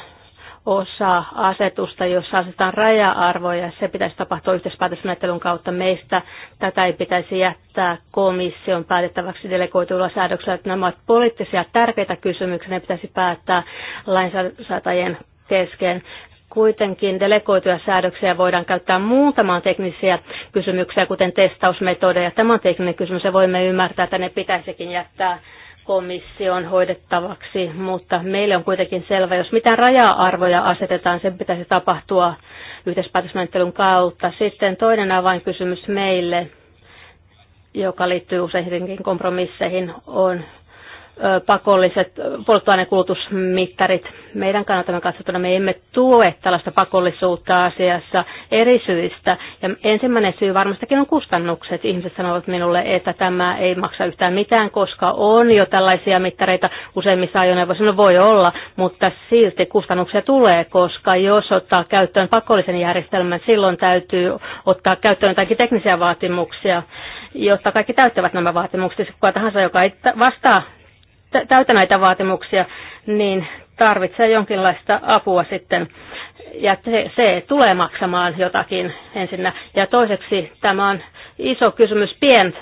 osa asetusta, jossa asetetaan raja-arvoja. Se pitäisi tapahtua yhteispäätösmenettelyn kautta meistä. Tätä ei pitäisi jättää komission päätettäväksi delegoituilla säädöksillä. Nämä ovat poliittisia tärkeitä kysymyksiä. Ne pitäisi päättää lainsäätäjien kesken. Kuitenkin delegoituja säädöksiä voidaan käyttää muutamaan teknisiä kysymyksiä, kuten testausmetodeja. Tämä on tekninen kysymys ja voimme ymmärtää, että ne pitäisikin jättää komission hoidettavaksi, mutta meille on kuitenkin selvä, jos mitään raja-arvoja asetetaan, sen pitäisi tapahtua yhteispäätösmenettelyn kautta. Sitten toinen avainkysymys meille, joka liittyy useinkin kompromisseihin, on pakolliset polttoainekulutusmittarit. Meidän kannaltamme katsottuna me emme tue tällaista pakollisuutta asiassa eri syistä. Ja ensimmäinen syy varmastikin on kustannukset. Ihmiset sanovat minulle, että tämä ei maksa yhtään mitään, koska on jo tällaisia mittareita useimmissa ajoneuvoissa. No voi olla, mutta silti kustannuksia tulee, koska jos ottaa käyttöön pakollisen järjestelmän, silloin täytyy ottaa käyttöön jotakin teknisiä vaatimuksia jotta kaikki täyttävät nämä vaatimukset. Siis kuka tahansa, joka ei vastaa täytä näitä vaatimuksia, niin tarvitsee jonkinlaista apua sitten. Ja se, se tulee maksamaan jotakin ensinnä. Ja toiseksi tämä on iso kysymys pien,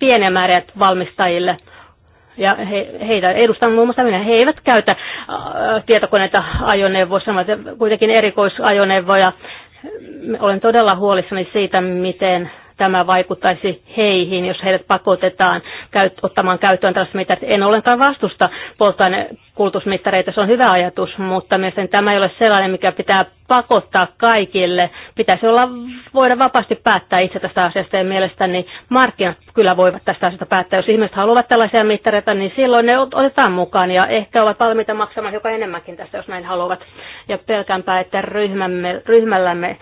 pienemmäärät valmistajille. Ja he, heitä edustan muun muassa minä. He eivät käytä ää, äh, tietokoneita ajoneuvoissa, vaan kuitenkin erikoisajoneuvoja. Olen todella huolissani siitä, miten tämä vaikuttaisi heihin, jos heidät pakotetaan käyt, ottamaan käyttöön tällaista mittaria. En ollenkaan vastusta polttoainekulutusmittareita, se on hyvä ajatus, mutta mielestäni tämä ei ole sellainen, mikä pitää pakottaa kaikille. Pitäisi olla, voida vapaasti päättää itse tästä asiasta ja mielestäni markkinat kyllä voivat tästä asiasta päättää. Jos ihmiset haluavat tällaisia mittareita, niin silloin ne otetaan mukaan ja ehkä ovat valmiita maksamaan joka enemmänkin tästä, jos näin haluavat. Ja pelkäänpä, että ryhmämme, ryhmällämme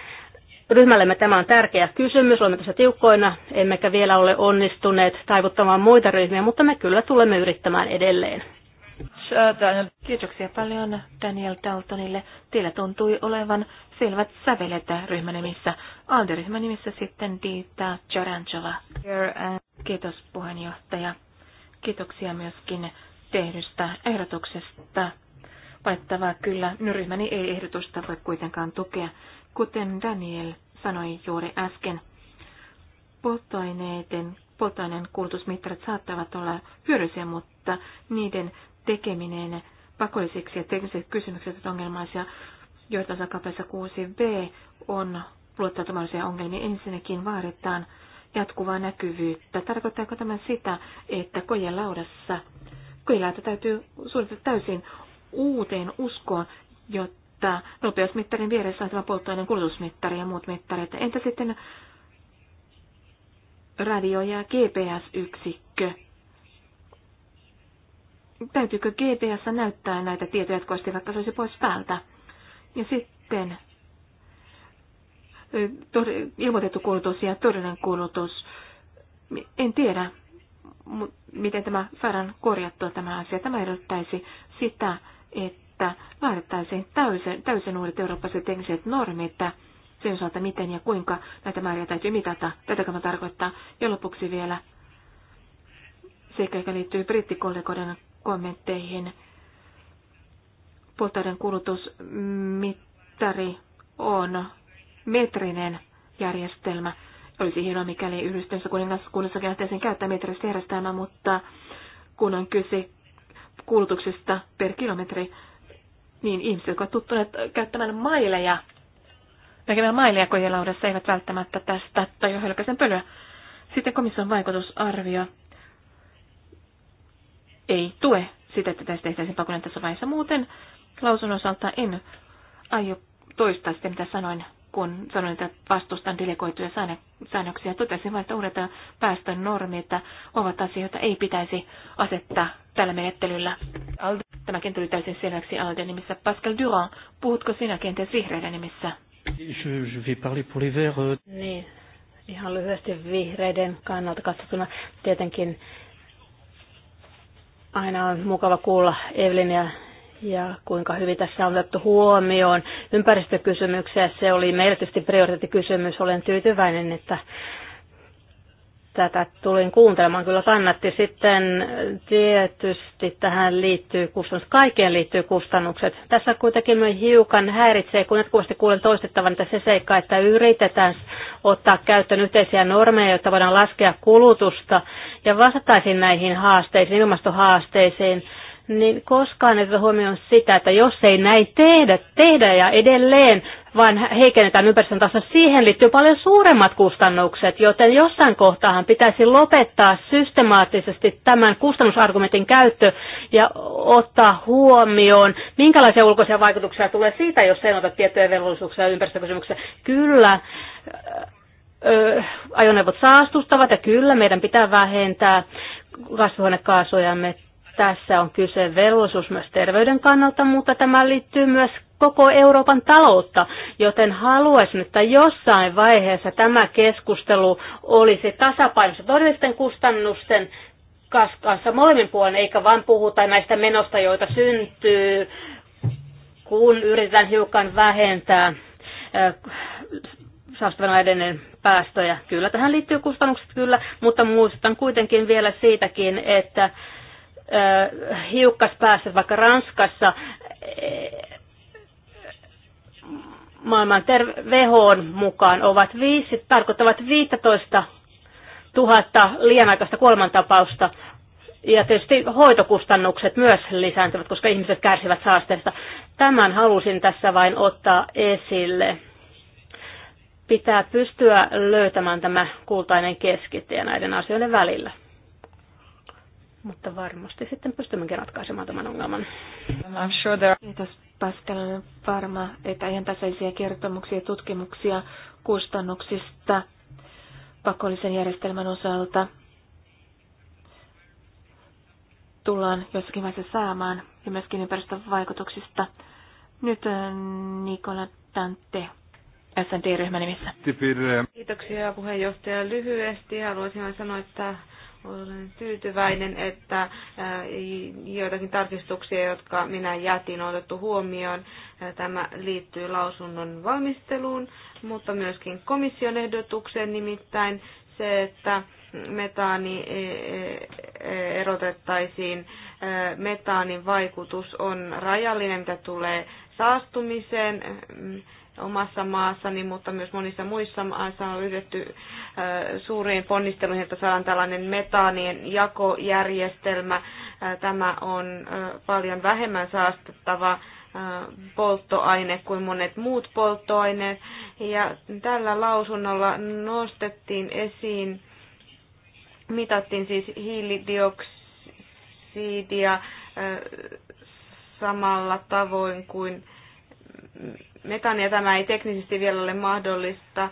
Ryhmällemme tämä on tärkeä kysymys, olemme tässä tiukkoina, emmekä vielä ole onnistuneet taivuttamaan muita ryhmiä, mutta me kyllä tulemme yrittämään edelleen. Kiitoksia paljon Daniel Daltonille. Teillä tuntui olevan selvät sävelet ryhmänimissä. nimissä. ryhmän nimissä sitten Diita Charanchova. Kiitos puheenjohtaja. Kiitoksia myöskin tehdystä ehdotuksesta. Vaittavaa kyllä, no ryhmäni ei ehdotusta voi kuitenkaan tukea. Kuten Daniel sanoi juuri äsken, polttoaineiden, polttoaineen kulutusmittarit saattavat olla hyödyllisiä, mutta niiden tekeminen pakolliseksi ja tekniset kysymykset ovat ongelmaisia. joita kapeessa 6b on luottautumallisia ongelmia. Ensinnäkin vaaditaan jatkuvaa näkyvyyttä. Tarkoittaako tämä sitä, että laudassa, kojen täytyy suunnitella täysin uuteen uskoon, jotta että nopeusmittarin vieressä on tämä polttoaineen kulutusmittari ja muut mittarit. Entä sitten radio- ja GPS-yksikkö? Täytyykö GPS näyttää näitä tietoja jatkuvasti, vaikka se olisi pois päältä? Ja sitten ilmoitettu kulutus ja todellinen kulutus. En tiedä, miten tämä saadaan korjattua tämä asia. Tämä edellyttäisi sitä, että että laadittaisiin täysin, täysin uudet eurooppalaiset tekniset normit sen osalta, miten ja kuinka näitä määriä täytyy mitata. Tätäkö mä tarkoittaa? Ja lopuksi vielä sekä joka liittyy brittikollegoiden kommentteihin. Polttoaineen kulutusmittari on metrinen järjestelmä. Olisi hienoa, mikäli yhdistössä kuningaskunnassa käyttäisiin käyttää metristä järjestelmää, mutta kun on kyse kulutuksesta per kilometri, niin ihmiset, jotka ovat tuttuneet käyttämään maileja, näkemään maileja kojelaudassa, eivät välttämättä tästä tai jo hölkäisen pölyä. Sitten komission vaikutusarvio ei tue sitä, että tästä tehtäisiin pakollinen tässä vaiheessa. Muuten lausun osalta en aio toistaa sitä, mitä sanoin kun sanoin, että vastustan delegoituja säännöksiä, totesin vain, että uudet päästön normit ovat asioita, ei pitäisi asettaa tällä menettelyllä. Tämäkin tuli täysin selväksi Alden nimissä. Pascal Durand, puhutko sinä kenties vihreiden nimissä? Euh. Niin, ihan lyhyesti vihreiden kannalta katsottuna tietenkin aina on mukava kuulla Evelin ja ja kuinka hyvin tässä on otettu huomioon ympäristökysymyksiä. Se oli meille tietysti prioriteettikysymys. Olen tyytyväinen, että tätä tulin kuuntelemaan. Kyllä kannatti sitten tietysti tähän liittyy kustannukset. Kaikkeen liittyy kustannukset. Tässä kuitenkin myös hiukan häiritsee, kun jatkuvasti kuulen toistettavan, että se seikka, että yritetään ottaa käyttöön yhteisiä normeja, jotta voidaan laskea kulutusta ja vastataisiin näihin haasteisiin, ilmastohaasteisiin niin koskaan ei huomioon sitä, että jos ei näin tehdä, tehdä ja edelleen vaan heikennetään ympäristön tasa, siihen liittyy paljon suuremmat kustannukset, joten jossain kohtaahan pitäisi lopettaa systemaattisesti tämän kustannusargumentin käyttö ja ottaa huomioon, minkälaisia ulkoisia vaikutuksia tulee siitä, jos ei ota tiettyjä velvollisuuksia ja ympäristökysymyksiä. Kyllä, ajoneuvot saastustavat ja kyllä meidän pitää vähentää kasvihuonekaasujamme tässä on kyse velvollisuus myös terveyden kannalta, mutta tämä liittyy myös koko Euroopan taloutta, joten haluaisin, että jossain vaiheessa tämä keskustelu olisi tasapainossa todellisten kustannusten kanssa molemmin puolen, eikä vain puhuta näistä menosta, joita syntyy, kun yritetään hiukan vähentää saastuvan päästöjä. Kyllä tähän liittyy kustannukset kyllä, mutta muistutan kuitenkin vielä siitäkin, että hiukkaspäässä, vaikka Ranskassa e, maailman ter- mukaan ovat viisi, tarkoittavat 15 000 liian aikaista kuolemantapausta. Ja tietysti hoitokustannukset myös lisääntyvät, koska ihmiset kärsivät saasteesta. Tämän halusin tässä vain ottaa esille. Pitää pystyä löytämään tämä kultainen keskitie näiden asioiden välillä mutta varmasti sitten pystymmekin ratkaisemaan tämän ongelman. I'm sure there... Kiitos Pascal. On varma, että ihan tasaisia kertomuksia ja tutkimuksia kustannuksista pakollisen järjestelmän osalta tullaan jossakin vaiheessa saamaan ja myöskin vaikutuksista. Nyt äh, Nikola Tante, SND-ryhmän nimissä. Kiitoksia puheenjohtaja. Lyhyesti haluaisin vain sanoa, että olen tyytyväinen, että äh, joitakin tarkistuksia, jotka minä jätin, on otettu huomioon. Äh, tämä liittyy lausunnon valmisteluun, mutta myöskin komission ehdotukseen nimittäin se, että metaani e, e, e, erotettaisiin. Äh, metaanin vaikutus on rajallinen, mitä tulee saastumiseen. Mm, omassa maassani, mutta myös monissa muissa maissa on yritetty suuriin ponnisteluihin, että saadaan tällainen metaanien jakojärjestelmä. Tämä on paljon vähemmän saastuttava polttoaine kuin monet muut polttoaineet. Ja tällä lausunnolla nostettiin esiin, mitattiin siis hiilidioksidia samalla tavoin kuin metania tämä ei teknisesti vielä ole mahdollista.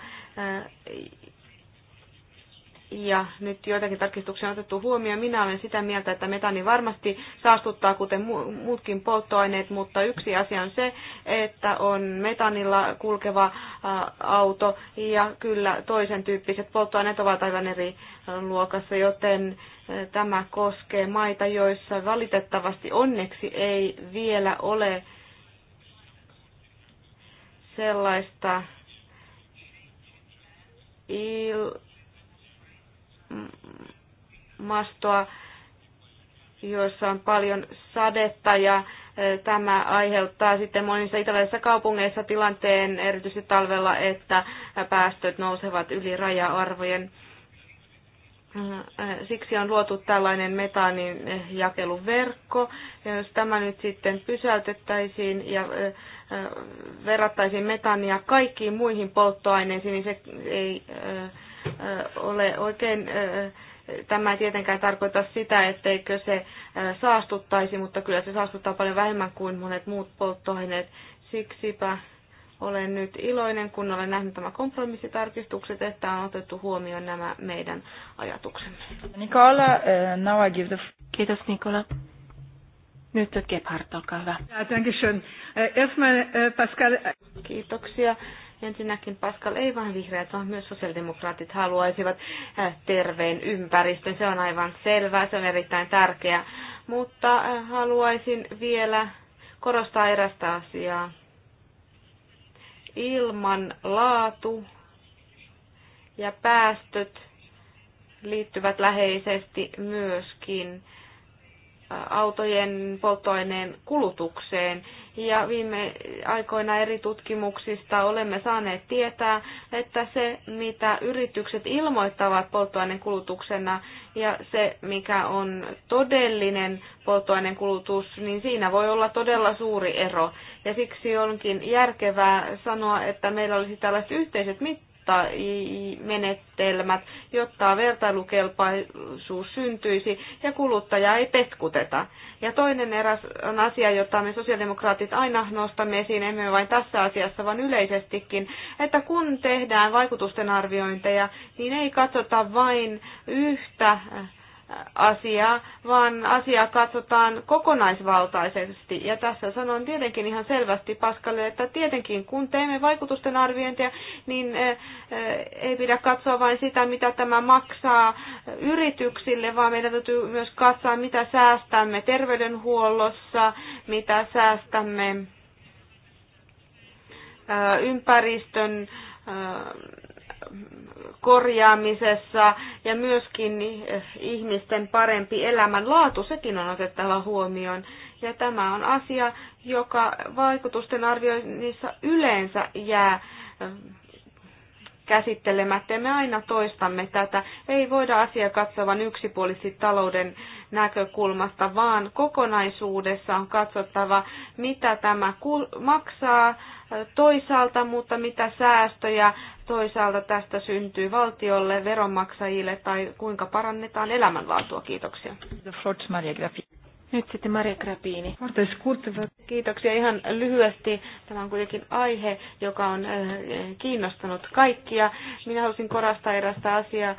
Ja nyt joitakin tarkistuksia on otettu huomioon. Minä olen sitä mieltä, että metani varmasti saastuttaa, kuten muutkin polttoaineet, mutta yksi asia on se, että on metanilla kulkeva auto ja kyllä toisen tyyppiset polttoaineet ovat aivan eri luokassa, joten tämä koskee maita, joissa valitettavasti onneksi ei vielä ole sellaista ilmastoa, jossa on paljon sadetta ja eh, tämä aiheuttaa sitten monissa italaisissa kaupungeissa tilanteen erityisesti talvella, että päästöt nousevat yli raja-arvojen. Äh, siksi on luotu tällainen metaanin jakeluverkko. Ja jos tämä nyt sitten pysäytettäisiin ja äh, äh, verrattaisiin metaania kaikkiin muihin polttoaineisiin, niin se ei ole oikein tämä ei tietenkään tarkoita sitä, etteikö se saastuttaisi, mutta kyllä se saastuttaa paljon vähemmän kuin monet muut polttoaineet. Siksipä olen nyt iloinen, kun olen nähnyt tämä kompromissitarkistukset, että on otettu huomioon nämä meidän ajatuksemme. Nikola uh, now I give the... Kiitos Nikola. Nyt Gebhardt, olkaa hyvä. Ja, dankeschön. Eh, eh, Pascal... Kiitoksia. Ensinnäkin Pascal, ei vain vihreät, vaan myös sosiaalidemokraatit haluaisivat terveen ympäristön. Se on aivan selvää, se on erittäin tärkeää. Mutta haluaisin vielä korostaa erästä asiaa ilman laatu ja päästöt liittyvät läheisesti myöskin autojen polttoaineen kulutukseen ja viime aikoina eri tutkimuksista olemme saaneet tietää, että se mitä yritykset ilmoittavat polttoaineen kulutuksena ja se mikä on todellinen polttoaineen kulutus, niin siinä voi olla todella suuri ero. Ja siksi onkin järkevää sanoa, että meillä olisi tällaiset yhteiset mit- menetelmät, jotta vertailukelpaisuus syntyisi ja kuluttaja ei petkuteta. Ja toinen eräs on asia, jota me sosiaalidemokraatit aina nostamme esiin, emme vain tässä asiassa, vaan yleisestikin, että kun tehdään vaikutusten arviointeja, niin ei katsota vain yhtä asiaa, vaan asiaa katsotaan kokonaisvaltaisesti. Ja tässä sanon tietenkin ihan selvästi Paskalle, että tietenkin kun teemme vaikutusten arviointia, niin eh, eh, ei pidä katsoa vain sitä, mitä tämä maksaa yrityksille, vaan meidän täytyy myös katsoa, mitä säästämme terveydenhuollossa, mitä säästämme eh, ympäristön korjaamisessa ja myöskin eh, ihmisten parempi elämänlaatu, sekin on otettava huomioon. Ja tämä on asia, joka vaikutusten arvioinnissa yleensä jää eh, käsittelemättä. Ja me aina toistamme tätä. Ei voida asiaa katsoa vain yksipuolisesti talouden näkökulmasta, vaan kokonaisuudessa on katsottava, mitä tämä maksaa toisaalta, mutta mitä säästöjä toisaalta tästä syntyy valtiolle, veronmaksajille tai kuinka parannetaan elämänlaatua. Kiitoksia. Nyt sitten Maria Krapiini. Kiitoksia ihan lyhyesti. Tämä on kuitenkin aihe, joka on eh, kiinnostanut kaikkia. Minä halusin korostaa erästä asiaa,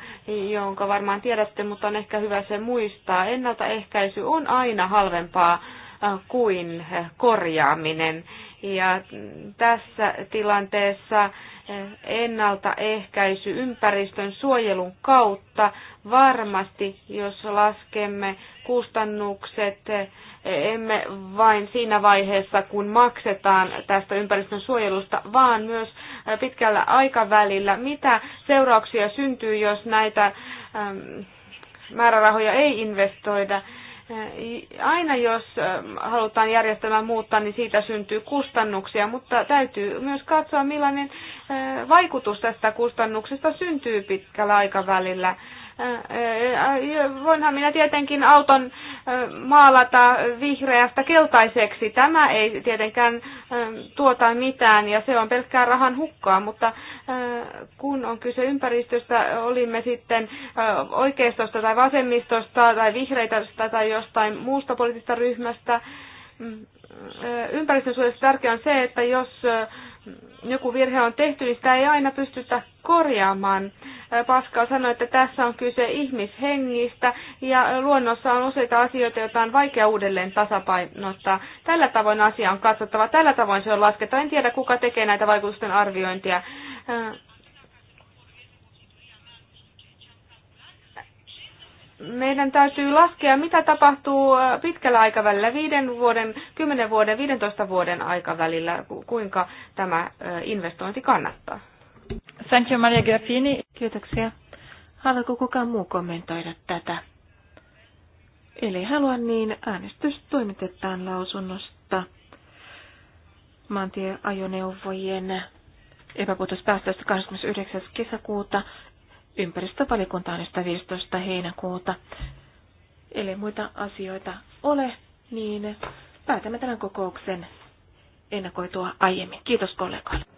jonka varmaan tiedätte, mutta on ehkä hyvä se muistaa. Ennaltaehkäisy on aina halvempaa eh, kuin eh, korjaaminen. Ja mm, tässä tilanteessa ennaltaehkäisy ympäristön suojelun kautta. Varmasti, jos laskemme kustannukset, emme vain siinä vaiheessa, kun maksetaan tästä ympäristön suojelusta, vaan myös pitkällä aikavälillä. Mitä seurauksia syntyy, jos näitä määrärahoja ei investoida? Aina jos halutaan järjestelmää muuttaa, niin siitä syntyy kustannuksia, mutta täytyy myös katsoa, millainen vaikutus tästä kustannuksesta syntyy pitkällä aikavälillä. Voinhan minä tietenkin auton maalata vihreästä keltaiseksi. Tämä ei tietenkään tuota mitään ja se on pelkkää rahan hukkaa, mutta kun on kyse ympäristöstä, olimme sitten oikeistosta tai vasemmistosta tai vihreitä tai jostain muusta poliittisesta ryhmästä, mm, ympäristönsuojelussa tärkeää on se, että jos joku virhe on tehty, niin sitä ei aina pystytä korjaamaan. Pascal sanoi, että tässä on kyse ihmishengistä ja luonnossa on useita asioita, joita on vaikea uudelleen tasapainottaa. Tällä tavoin asia on katsottava, tällä tavoin se on laskettava. En tiedä, kuka tekee näitä vaikutusten arviointia. meidän täytyy laskea, mitä tapahtuu pitkällä aikavälillä, viiden vuoden, kymmenen vuoden, 15 vuoden aikavälillä, kuinka tämä investointi kannattaa. Thank you, Maria Graffini. Kiitoksia. Haluatko kukaan muu kommentoida tätä? Eli haluan niin äänestys toimitetaan lausunnosta maantieajoneuvojen epäpuutospäästöistä 29. kesäkuuta ympäristövaliokunta 15. heinäkuuta. Eli muita asioita ole, niin päätämme tämän kokouksen ennakoitua aiemmin. Kiitos kollegoille.